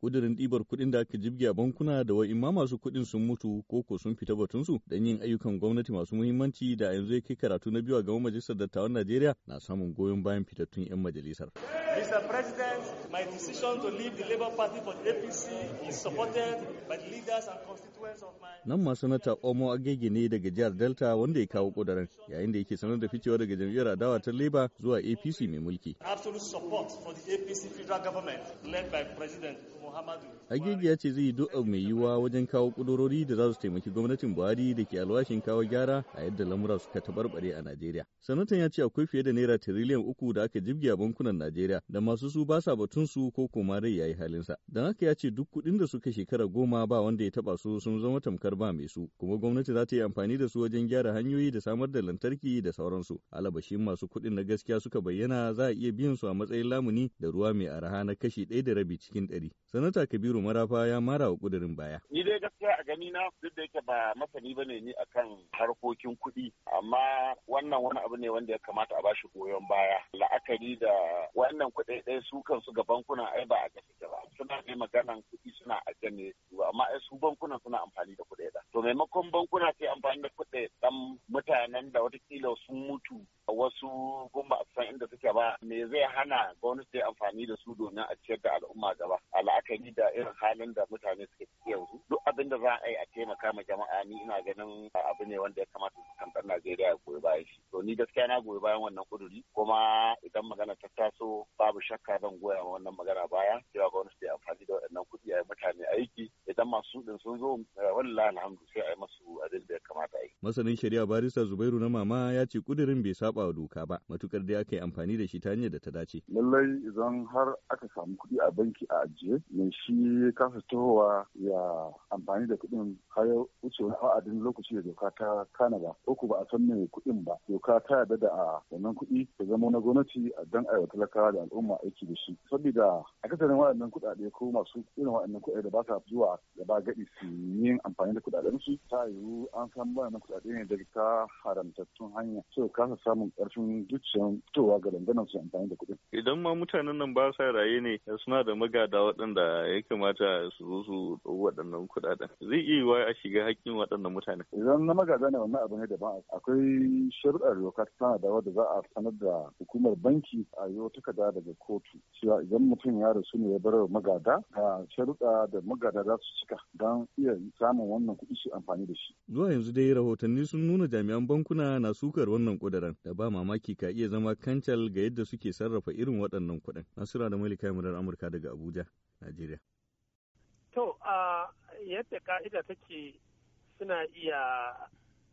kudirin ɗibar kuɗin da aka jibge a bankuna da wa'in ma masu kuɗin sun mutu ko ko sun fita batunsu don yin ayyukan gwamnati masu muhimmanci da yanzu ya kai karatu na biyu a gaban majalisar dattawan Najeriya na samun goyon bayan fitattun 'yan majalisar. Mr. President, my decision to leave the Labour Party for the APC is supported by the leaders and constituents of my... Nan ma sanata Omo Agege ne daga jihar Delta wanda ya kawo kudirin yayin da yake sanar da ficewa daga jam'iyyar adawa ta Labour zuwa APC mai mulki. Absolute support for the APC federal government led by President Muhammadu. Agege ya ce zai yi dua mai yiwuwa wajen kawo kudurori da za su taimaki gwamnatin Buhari da ke alwashin kawo gyara a yadda lamura suka tabarbare a Najeriya. Sanatan ya ce akwai fiye da naira tiriliyan uku da aka jibge a bankunan Najeriya da masu su ba sa su ko kuma rai yayi yi halinsa. dan haka ya ce duk kuɗin da suka shekara goma ba wanda ya taba su sun zama tamkar ba mai su, kuma gwamnati za ta yi amfani da su wajen gyara hanyoyi da samar da lantarki da sauransu. Alabashin masu kuɗin na gaskiya suka bayyana za a iya biyan su a matsayin lamuni da ruwa mai araha na kashi ɗaya da rabi cikin ɗari. Sanata Kabiru Marafa ya mara wa ƙudurin baya. Ni dai gaskiya a gani na duk da yake ba masani ba ne ni akan harkokin kuɗi amma wannan wani abu ne wanda ya kamata a bashi goyon baya la'akari da wannan kuɗi ɗaiɗai su kansu ga bankuna ai ba a gaske ba suna ne maganan kuɗi suna ajiye ne amma ai su bankuna suna amfani da kuɗi da to maimakon bankuna sai amfani da dan mutanen da watakila sun mutu a wasu gumba a san inda suke ba me zai hana gwamnati ta amfani da su domin a ciyar da al'umma gaba al'akari da irin halin da mutane suke ciki yanzu duk abin da za a yi a taimaka ma jama'a ni ina ganin abu ne wanda ya kamata kan ɗan Najeriya ya goyi bayan shi to ni gaskiya na goyi bayan wannan kuduri kuma idan magana ta taso babu shakka zan goya ma wannan magana baya cewa gwamnati ta amfani da waɗannan kuɗi a mutane aiki idan masu sun zo wallahi alhamdu sai a yi masu adil da ya kamata a yi. Masanin shari'a barista Zubairu na mama ya ce kudirin bai saba wa doka ba matukar dai aka yi amfani da shi ta hanyar da ta dace. Lallai idan har aka samu kuɗi a banki a ajiye ne shi kasa tohowa ya amfani da kuɗin har wuce wani wa'adin lokaci da doka ta kana ba ko ba a san me kuɗin ba doka ta yarda da a wannan kuɗi ta zama na gwamnati dan aiwa talakawa da al'umma aiki da shi saboda kasarin waɗannan kuɗaɗe ko masu irin waɗannan kuɗaɗe da ba sa zuwa gaba gaɗi su yin amfani da kuɗaɗen waɗansu ta yiwu an san ba na kuɗaɗe ne daga ta haramtattun hanya so kasa samun ƙarfin zuciyan fitowa ga danganan su amfani da kuɗin. Idan ma mutanen nan ba sa raye ne suna da magada waɗanda ya kamata su zo su waɗannan kuɗaɗen zai iya yiwuwa a shiga hakkin waɗannan mutane. Idan na magada ne wannan abu ne daban akwai sharuɗar doka tana dawa wadda za a sanar da hukumar banki a yi takarda kada daga kotu cewa idan mutum ya rasu ne ya bar magada ga sharuɗa da magada za su cika don iya samun wannan kuɗi su amfani da shi. Zuwa yanzu dai rahotanni sun nuna jami'an bankuna na sukar wannan kudaren da ba mamaki ka iya zama kancal ga yadda suke sarrafa irin waɗannan kuɗin. Nasura da Malika Yamurar Amurka daga Abuja, Najeriya. To, a yadda ka'ida take suna iya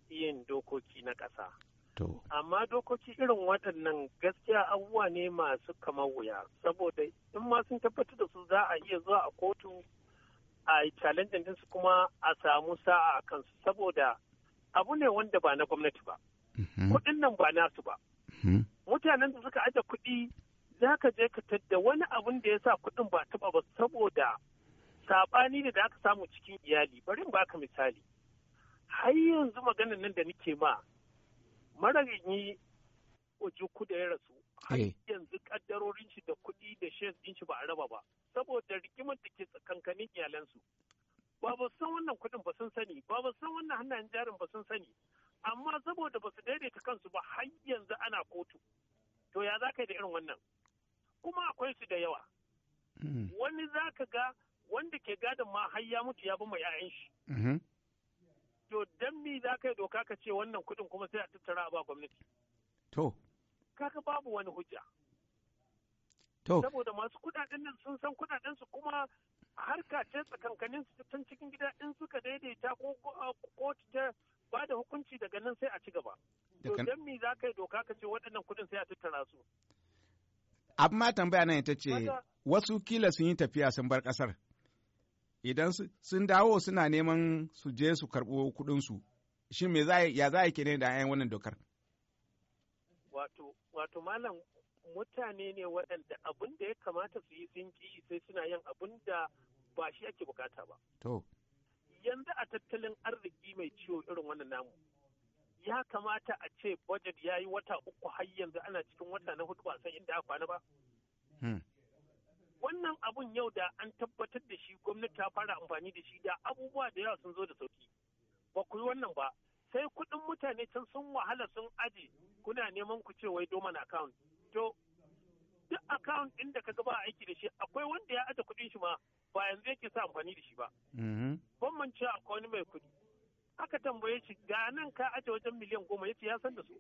yin dokoki na ƙasa. To. Amma dokoki irin waɗannan gaskiya abubuwa ne masu kamar wuya, saboda in ma sun tabbatar da su za a iya zuwa a kotu a challenge din su kuma a samu sa'a a kansu saboda abu ne wanda ba na gwamnati ba mhm. kuɗin nan ba nasu ba mhm. mutanen da suka aje kuɗi za ka je ka tadda wani abun da ya sa kuɗin ba taɓa ba saboda saɓani ne da aka samu cikin iyali bari ba ka misali har yanzu maganan nan da nike ma mararin yi ojuku da ya rasu Eh. har yanzu kaddarorin shi da kuɗi da shares din shi ba a raba ba saboda rigimar da ke tsakankanin iyalansu ba ba san wannan kuɗin ba sun sani ba ba san wannan hannayen jarin ba sun sani amma saboda ba su daidaita kansu ba har yanzu ana kotu to ya za ka yi da irin wannan kuma akwai su da yawa hmm. wani za ka ga wanda ke gadon ma har ya mutu ya bi ma 'ya'yan shi mm-hmm. to dan mi za ka yi doka ka ce wannan kuɗin kuma sai a tattara a ba gwamnati kaga babu wani hujja saboda masu kudaden nan sun san kudaden su kuma harka ce tsakankanin su tun cikin gida in suka daidaita ko kotu ta ba da hukunci daga nan sai a ci gaba to mi za ka yi doka ka ce waɗannan kudin sai a tattara su amma tambaya nan ita ce wasu kila sun yi tafiya sun bar ƙasar idan sun dawo suna neman su je su karɓo kuɗinsu shin me ya za a yi kenan da 'yan wannan dokar? wato wato malam mutane ne waɗanda abin da ya kamata su yi sun sai suna yin abin da ba shi ake bukata ba. To. Yanzu a tattalin arziki mai ciwo irin wannan namu. Ya kamata a ce budget ya yi wata uku har yanzu ana cikin wata na hudu ba san inda aka kwana ba. Hmm. Wannan abun yau da an tabbatar da shi gwamnati ta fara amfani da shi da abubuwa da yawa sun zo da sauki. Ba ku yi wannan ba. Sai kuɗin mutane can sun wahala sun aje kuna neman ku ce wai doman account to duk account ɗin da kaga ba aiki da shi akwai wanda ya aje kuɗin shi ma ba yanzu yake sa amfani da shi ba mm-hmm. ban mance akwai wani mai kuɗi aka tambaye shi ga nan ka aje wajen miliyan goma yace ya san da su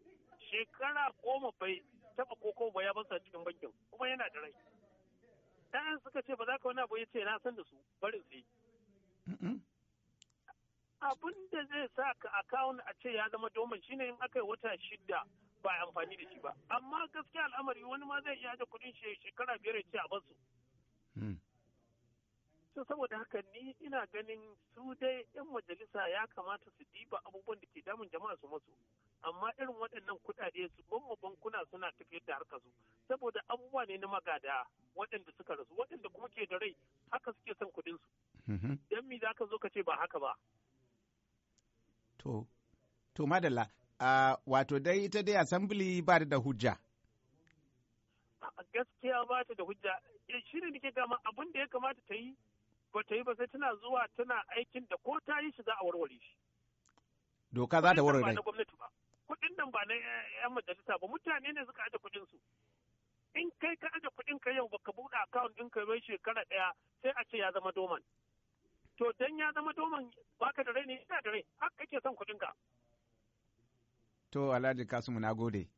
shekara goma bai taba koko ba ya bansa cikin bankin kuma yana da rai ɗayan suka ce ba za ka wani abu yace ce na san da su barin su yi mm-hmm. abin da zai sa ka akawun a ce ya zama domin shine in aka yi wata shida ba amfani da shi ba amma gaskiya al'amari wani ma zai iya da kudin shekara biyar ce a basu hmm. so saboda haka ni ina ganin su dai yan majalisa ya kamata su diba abubuwan da ke damun jama'a su masu amma irin waɗannan kuɗaɗe su bamma bankuna suna tafiyar da harkar su saboda abubuwa ne na magada waɗanda suka rasu waɗanda kuma ke da rai haka suke son kuɗin su mm-hmm. dan mi ka zo ka ce ba haka ba to to madalla Uh, wato dai ita dai assembly ba da hujja. Gaskiya ba ta da hujja, eh, shirin da nake gama abin da ya kamata ta yi ba ta yi ba sai tana zuwa tana aikin da ko ta yi shi za a warware shi. Doka za ta warware. Ba na gwamnati ba. Kuɗin nan ba na 'yan majalisa ba mutane ne suka aje kuɗin su. In kai ka aje kuɗin ka yau baka buɗe akawun ɗin ka mai shekara ɗaya sai a ce ya zama doman. To dan ya zama doman baka da rai ne ina da rai haka kake son kuɗin ka. To Alhaji Kasimu na gode.